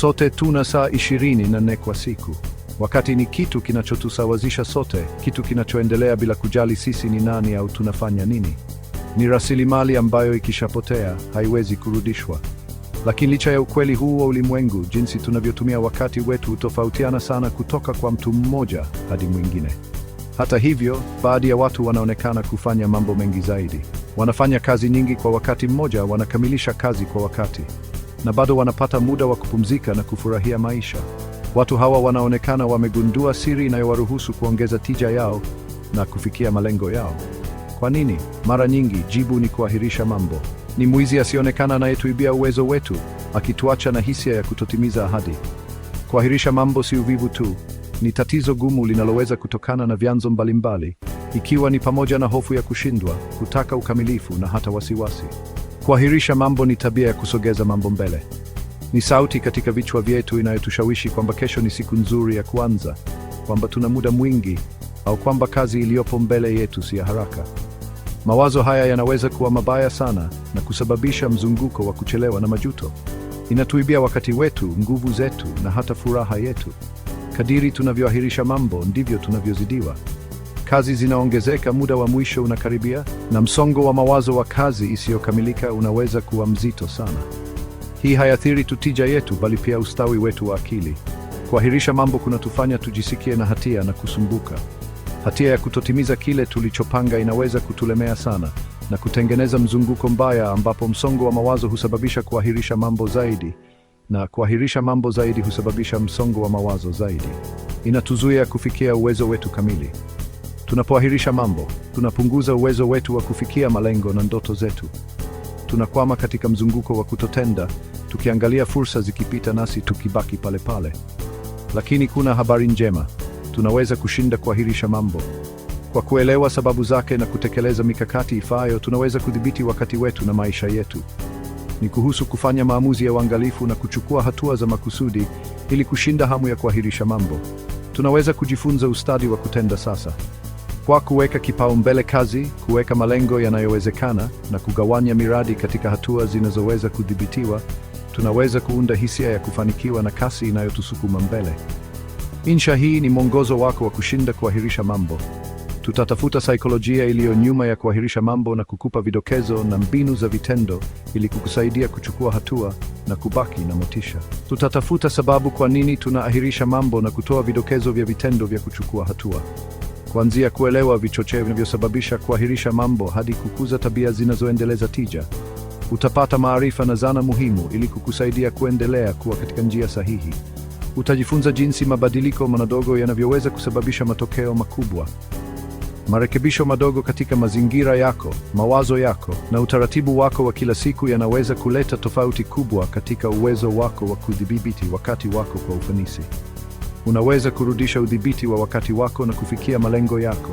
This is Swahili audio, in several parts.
Sote tuna saa ishirini na nne kwa siku. Wakati ni kitu kinachotusawazisha sote, kitu kinachoendelea bila kujali sisi ni nani au tunafanya nini. Ni rasilimali ambayo ikishapotea haiwezi kurudishwa. Lakini licha ya ukweli huu wa ulimwengu, jinsi tunavyotumia wakati wetu hutofautiana sana kutoka kwa mtu mmoja hadi mwingine. Hata hivyo, baadhi ya watu wanaonekana kufanya mambo mengi zaidi. Wanafanya kazi nyingi kwa wakati mmoja, wanakamilisha kazi kwa wakati na bado wanapata muda wa kupumzika na kufurahia maisha. Watu hawa wanaonekana wamegundua siri inayowaruhusu kuongeza tija yao na kufikia malengo yao. Kwa nini? Mara nyingi jibu ni kuahirisha mambo. Ni mwizi asionekana anayetuibia uwezo wetu, akituacha na hisia ya kutotimiza ahadi. Kuahirisha mambo si uvivu tu, ni tatizo gumu linaloweza kutokana na vyanzo mbalimbali, ikiwa ni pamoja na hofu ya kushindwa, kutaka ukamilifu na hata wasiwasi. Kuahirisha mambo ni tabia ya kusogeza mambo mbele. Ni sauti katika vichwa vyetu inayotushawishi kwamba kesho ni siku nzuri ya kuanza, kwamba tuna muda mwingi, au kwamba kazi iliyopo mbele yetu si ya haraka. Mawazo haya yanaweza kuwa mabaya sana na kusababisha mzunguko wa kuchelewa na majuto. Inatuibia wakati wetu, nguvu zetu, na hata furaha yetu. Kadiri tunavyoahirisha mambo, ndivyo tunavyozidiwa kazi zinaongezeka, muda wa mwisho unakaribia, na msongo wa mawazo wa kazi isiyokamilika unaweza kuwa mzito sana. Hii hayathiri tu tija yetu, bali pia ustawi wetu wa akili. Kuahirisha mambo kunatufanya tujisikie na hatia na kusumbuka. Hatia ya kutotimiza kile tulichopanga inaweza kutulemea sana na kutengeneza mzunguko mbaya, ambapo msongo wa mawazo husababisha kuahirisha mambo zaidi, na kuahirisha mambo zaidi husababisha msongo wa mawazo zaidi. Inatuzuia kufikia uwezo wetu kamili. Tunapoahirisha mambo, tunapunguza uwezo wetu wa kufikia malengo na ndoto zetu. Tunakwama katika mzunguko wa kutotenda, tukiangalia fursa zikipita nasi tukibaki pale pale. Lakini kuna habari njema. Tunaweza kushinda kuahirisha mambo. Kwa kuelewa sababu zake na kutekeleza mikakati ifaayo, tunaweza kudhibiti wakati wetu na maisha yetu. Ni kuhusu kufanya maamuzi ya uangalifu na kuchukua hatua za makusudi ili kushinda hamu ya kuahirisha mambo. Tunaweza kujifunza ustadi wa kutenda sasa. Kwa kuweka kipaumbele kazi, kuweka malengo yanayowezekana na kugawanya miradi katika hatua zinazoweza kudhibitiwa, tunaweza kuunda hisia ya kufanikiwa na kasi inayotusukuma mbele. Insha hii ni mwongozo wako wa kushinda kuahirisha mambo. Tutatafuta saikolojia iliyo nyuma ya kuahirisha mambo na kukupa vidokezo na mbinu za vitendo ili kukusaidia kuchukua hatua na kubaki na motisha. Tutatafuta sababu kwa nini tunaahirisha mambo na kutoa vidokezo vya vitendo vya kuchukua hatua kuanzia kuelewa vichocheo vinavyosababisha kuahirisha mambo hadi kukuza tabia zinazoendeleza tija. Utapata maarifa na zana muhimu ili kukusaidia kuendelea kuwa katika njia sahihi. Utajifunza jinsi mabadiliko madogo yanavyoweza kusababisha matokeo makubwa. Marekebisho madogo katika mazingira yako, mawazo yako na utaratibu wako wa kila siku yanaweza kuleta tofauti kubwa katika uwezo wako wa kudhibiti wakati wako kwa ufanisi. Unaweza kurudisha udhibiti wa wakati wako na kufikia malengo yako.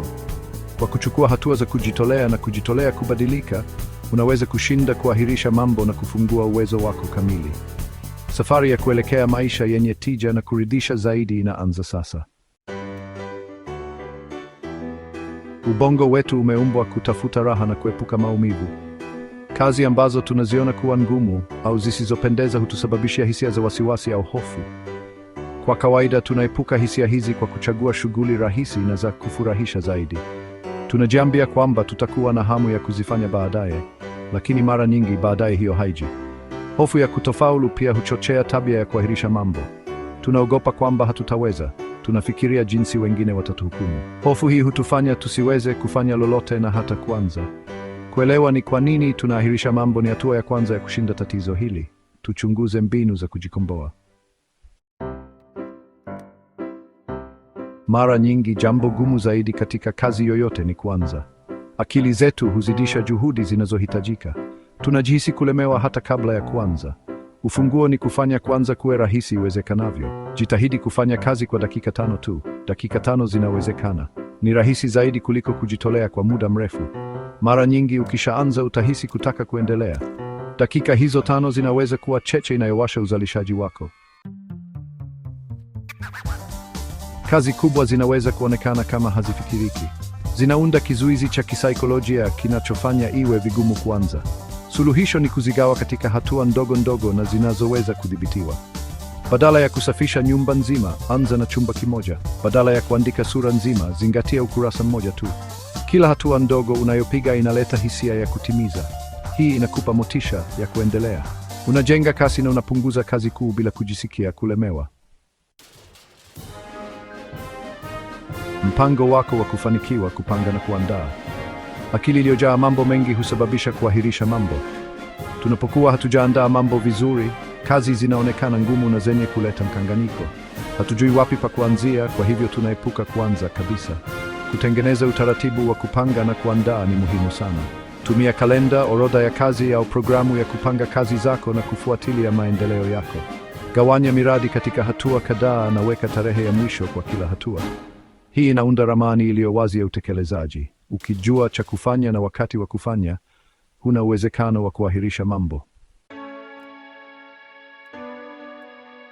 Kwa kuchukua hatua za kujitolea na kujitolea kubadilika, unaweza kushinda kuahirisha mambo na kufungua uwezo wako kamili. Safari ya kuelekea maisha yenye tija na kuridhisha zaidi inaanza sasa. Ubongo wetu umeumbwa kutafuta raha na kuepuka maumivu. Kazi ambazo tunaziona kuwa ngumu au zisizopendeza hutusababishia hisia za wasiwasi au hofu. Kwa kawaida tunaepuka hisia hizi kwa kuchagua shughuli rahisi na za kufurahisha zaidi. Tunajiambia kwamba tutakuwa na hamu ya kuzifanya baadaye, lakini mara nyingi baadaye hiyo haiji. Hofu ya kutofaulu pia huchochea tabia ya kuahirisha mambo. Tunaogopa kwamba hatutaweza, tunafikiria jinsi wengine watatuhukumu. Hofu hii hutufanya tusiweze kufanya lolote na hata kuanza. Kuelewa ni kwa nini tunaahirisha mambo ni hatua ya kwanza ya kushinda tatizo hili. Tuchunguze mbinu za kujikomboa. Mara nyingi jambo gumu zaidi katika kazi yoyote ni kuanza. Akili zetu huzidisha juhudi zinazohitajika. Tunajihisi kulemewa hata kabla ya kuanza. Ufunguo ni kufanya kuanza kuwe rahisi iwezekanavyo. Jitahidi kufanya kazi kwa dakika tano tu. Dakika tano zinawezekana, ni rahisi zaidi kuliko kujitolea kwa muda mrefu. Mara nyingi ukishaanza utahisi kutaka kuendelea. Dakika hizo tano zinaweza kuwa cheche inayowasha uzalishaji wako. Kazi kubwa zinaweza kuonekana kama hazifikiriki. Zinaunda kizuizi cha kisaikolojia kinachofanya iwe vigumu kuanza. Suluhisho ni kuzigawa katika hatua ndogo ndogo na zinazoweza kudhibitiwa. Badala ya kusafisha nyumba nzima, anza na chumba kimoja. Badala ya kuandika sura nzima, zingatia ukurasa mmoja tu. Kila hatua ndogo unayopiga inaleta hisia ya kutimiza. Hii inakupa motisha ya kuendelea. Unajenga kasi na unapunguza kazi kuu bila kujisikia kulemewa. mpango wako wa kufanikiwa, kupanga na kuandaa. Akili iliyojaa mambo mengi husababisha kuahirisha mambo. Tunapokuwa hatujaandaa mambo vizuri, kazi zinaonekana ngumu na zenye kuleta mkanganyiko. Hatujui wapi pa kuanzia, kwa hivyo tunaepuka kuanza kabisa. Kutengeneza utaratibu wa kupanga na kuandaa ni muhimu sana. Tumia kalenda, orodha ya kazi au programu ya kupanga kazi zako na kufuatilia maendeleo yako. Gawanya miradi katika hatua kadhaa na weka tarehe ya mwisho kwa kila hatua. Hii inaunda ramani iliyo wazi ya utekelezaji. Ukijua cha kufanya na wakati wa kufanya, huna uwezekano wa kuahirisha mambo.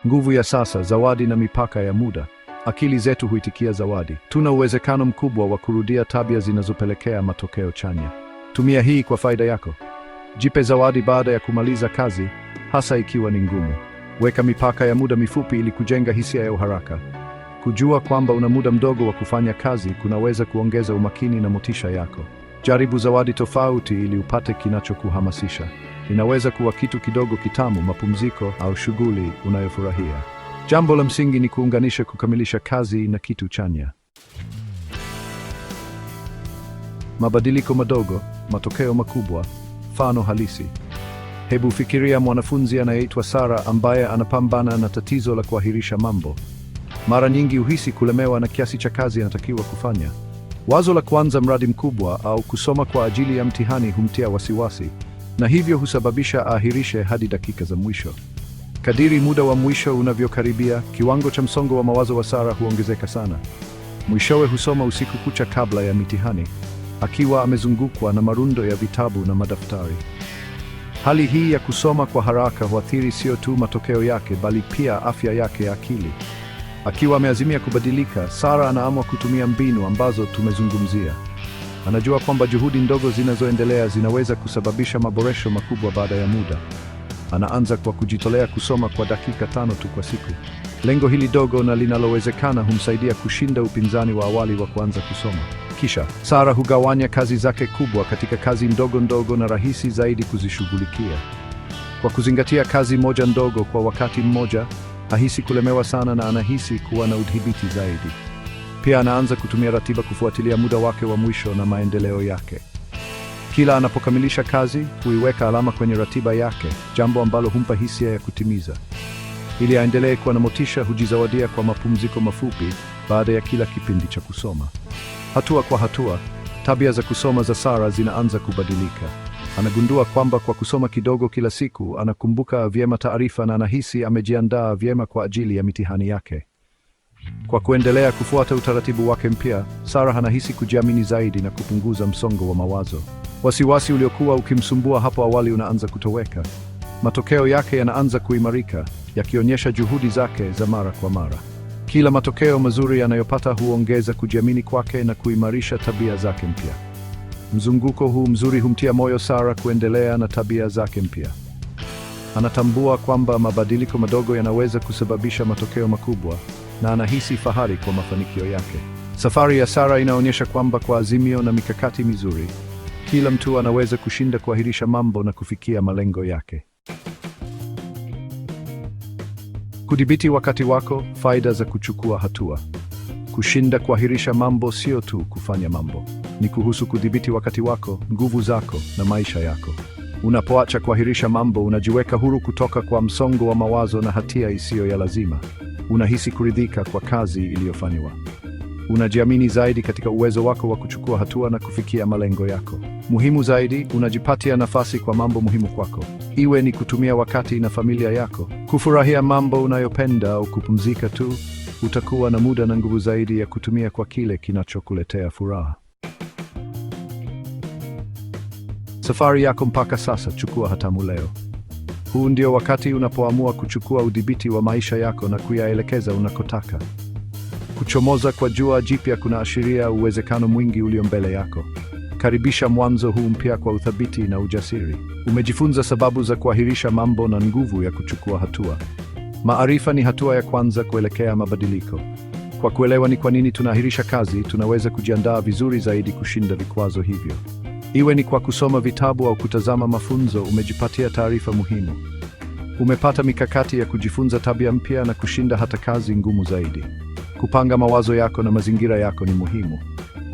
Nguvu ya sasa, zawadi na mipaka ya muda. Akili zetu huitikia zawadi. Tuna uwezekano mkubwa wa kurudia tabia zinazopelekea matokeo chanya. Tumia hii kwa faida yako. Jipe zawadi baada ya kumaliza kazi, hasa ikiwa ni ngumu. Weka mipaka ya muda mifupi ili kujenga hisia ya uharaka. Kujua kwamba una muda mdogo wa kufanya kazi kunaweza kuongeza umakini na motisha yako. Jaribu zawadi tofauti ili upate kinachokuhamasisha. Inaweza kuwa kitu kidogo kitamu, mapumziko au shughuli unayofurahia. Jambo la msingi ni kuunganisha kukamilisha kazi na kitu chanya. Mabadiliko madogo, matokeo makubwa. Mfano halisi. Hebu fikiria mwanafunzi anayeitwa Sara ambaye anapambana na tatizo la kuahirisha mambo. Mara nyingi huhisi kulemewa na kiasi cha kazi anatakiwa kufanya. Wazo la kuanza mradi mkubwa au kusoma kwa ajili ya mtihani humtia wasiwasi, na hivyo husababisha aahirishe hadi dakika za mwisho. Kadiri muda wa mwisho unavyokaribia, kiwango cha msongo wa mawazo wa Sara huongezeka sana. Mwishowe husoma usiku kucha kabla ya mitihani, akiwa amezungukwa na marundo ya vitabu na madaftari. Hali hii ya kusoma kwa haraka huathiri sio tu matokeo yake, bali pia afya yake ya akili. Akiwa ameazimia kubadilika, Sara anaamua kutumia mbinu ambazo tumezungumzia. Anajua kwamba juhudi ndogo zinazoendelea zinaweza kusababisha maboresho makubwa baada ya muda. Anaanza kwa kujitolea kusoma kwa dakika tano tu kwa siku. Lengo hili dogo na linalowezekana humsaidia kushinda upinzani wa awali wa kuanza kusoma. Kisha Sara hugawanya kazi zake kubwa katika kazi ndogo ndogo na rahisi zaidi kuzishughulikia. Kwa kuzingatia kazi moja ndogo kwa wakati mmoja, hahisi kulemewa sana na anahisi kuwa na udhibiti zaidi. Pia anaanza kutumia ratiba kufuatilia muda wake wa mwisho na maendeleo yake. Kila anapokamilisha kazi huiweka alama kwenye ratiba yake, jambo ambalo humpa hisia ya kutimiza. Ili aendelee kuwa na motisha, hujizawadia kwa mapumziko mafupi baada ya kila kipindi cha kusoma. Hatua kwa hatua, tabia za kusoma za Sara zinaanza kubadilika. Anagundua kwamba kwa kusoma kidogo kila siku anakumbuka vyema taarifa na anahisi amejiandaa vyema kwa ajili ya mitihani yake. Kwa kuendelea kufuata utaratibu wake mpya, Sarah anahisi kujiamini zaidi na kupunguza msongo wa mawazo. Wasiwasi uliokuwa ukimsumbua hapo awali unaanza kutoweka. Matokeo yake yanaanza kuimarika, yakionyesha juhudi zake za mara kwa mara. Kila matokeo mazuri yanayopata huongeza kujiamini kwake na kuimarisha tabia zake mpya. Mzunguko huu mzuri humtia moyo Sara kuendelea na tabia zake mpya. Anatambua kwamba mabadiliko madogo yanaweza kusababisha matokeo makubwa na anahisi fahari kwa mafanikio yake. Safari ya Sara inaonyesha kwamba kwa azimio na mikakati mizuri, kila mtu anaweza kushinda kuahirisha mambo na kufikia malengo yake. Kudhibiti wakati wako, faida za kuchukua hatua. Kushinda kuahirisha mambo sio tu kufanya mambo ni kuhusu kudhibiti wakati wako, nguvu zako na maisha yako. Unapoacha kuahirisha mambo, unajiweka huru kutoka kwa msongo wa mawazo na hatia isiyo ya lazima. Unahisi kuridhika kwa kazi iliyofanywa. Unajiamini zaidi katika uwezo wako wa kuchukua hatua na kufikia malengo yako. Muhimu zaidi, unajipatia nafasi kwa mambo muhimu kwako, iwe ni kutumia wakati na familia yako, kufurahia mambo unayopenda au kupumzika tu. Utakuwa na muda na nguvu zaidi ya kutumia kwa kile kinachokuletea furaha. safari yako mpaka sasa. Chukua hatamu leo. Huu ndio wakati unapoamua kuchukua udhibiti wa maisha yako na kuyaelekeza unakotaka. Kuchomoza kwa jua jipya kunaashiria uwezekano mwingi ulio mbele yako. Karibisha mwanzo huu mpya kwa uthabiti na ujasiri. Umejifunza sababu za kuahirisha mambo na nguvu ya kuchukua hatua. Maarifa ni hatua ya kwanza kuelekea mabadiliko. Kwa kuelewa ni kwa nini tunaahirisha kazi, tunaweza kujiandaa vizuri zaidi kushinda vikwazo hivyo. Iwe ni kwa kusoma vitabu au kutazama mafunzo, umejipatia taarifa muhimu. Umepata mikakati ya kujifunza tabia mpya na kushinda hata kazi ngumu zaidi. Kupanga mawazo yako na mazingira yako ni muhimu.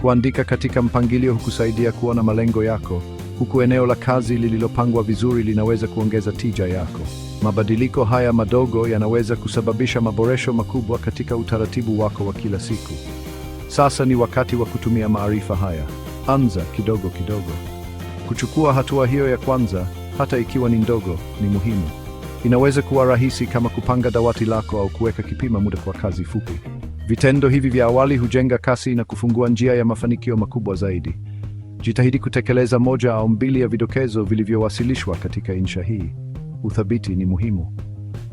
Kuandika katika mpangilio hukusaidia kuona malengo yako, huku eneo la kazi lililopangwa vizuri linaweza kuongeza tija yako. Mabadiliko haya madogo yanaweza kusababisha maboresho makubwa katika utaratibu wako wa kila siku. Sasa ni wakati wa kutumia maarifa haya anza kidogo kidogo. Kuchukua hatua hiyo ya kwanza, hata ikiwa ni ndogo, ni muhimu. Inaweza kuwa rahisi kama kupanga dawati lako au kuweka kipima muda kwa kazi fupi. Vitendo hivi vya awali hujenga kasi na kufungua njia ya mafanikio makubwa zaidi. Jitahidi kutekeleza moja au mbili ya vidokezo vilivyowasilishwa katika insha hii. Uthabiti ni muhimu.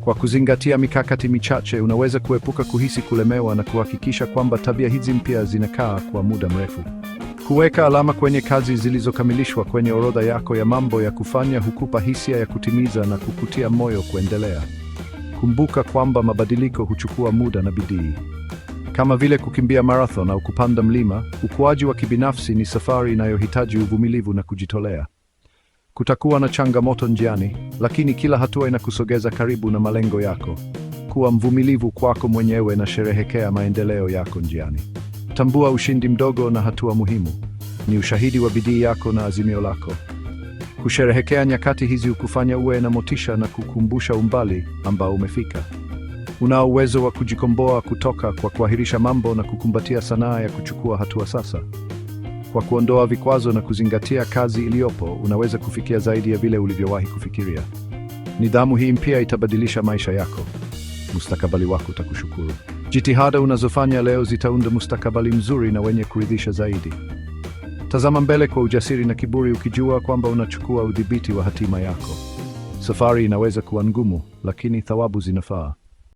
Kwa kuzingatia mikakati michache, unaweza kuepuka kuhisi kulemewa na kuhakikisha kwamba tabia hizi mpya zinakaa kwa muda mrefu. Kuweka alama kwenye kazi zilizokamilishwa kwenye orodha yako ya mambo ya kufanya hukupa hisia ya kutimiza na kukutia moyo kuendelea. Kumbuka kwamba mabadiliko huchukua muda na bidii. Kama vile kukimbia marathon au kupanda mlima, ukuaji wa kibinafsi ni safari inayohitaji uvumilivu na kujitolea. Kutakuwa na changamoto njiani, lakini kila hatua inakusogeza karibu na malengo yako. Kuwa mvumilivu kwako mwenyewe na sherehekea maendeleo yako njiani. Tambua ushindi mdogo na hatua muhimu ni ushahidi wa bidii yako na azimio lako. Kusherehekea nyakati hizi hukufanya uwe na motisha na kukumbusha umbali ambao umefika. Unao uwezo wa kujikomboa kutoka kwa kuahirisha mambo na kukumbatia sanaa ya kuchukua hatua sasa. Kwa kuondoa vikwazo na kuzingatia kazi iliyopo, unaweza kufikia zaidi ya vile ulivyowahi kufikiria. Nidhamu hii mpya itabadilisha maisha yako. Mustakabali wako utakushukuru. Jitihada unazofanya leo zitaunda mustakabali mzuri na wenye kuridhisha zaidi. Tazama mbele kwa ujasiri na kiburi, ukijua kwamba unachukua udhibiti wa hatima yako. Safari inaweza kuwa ngumu, lakini thawabu zinafaa.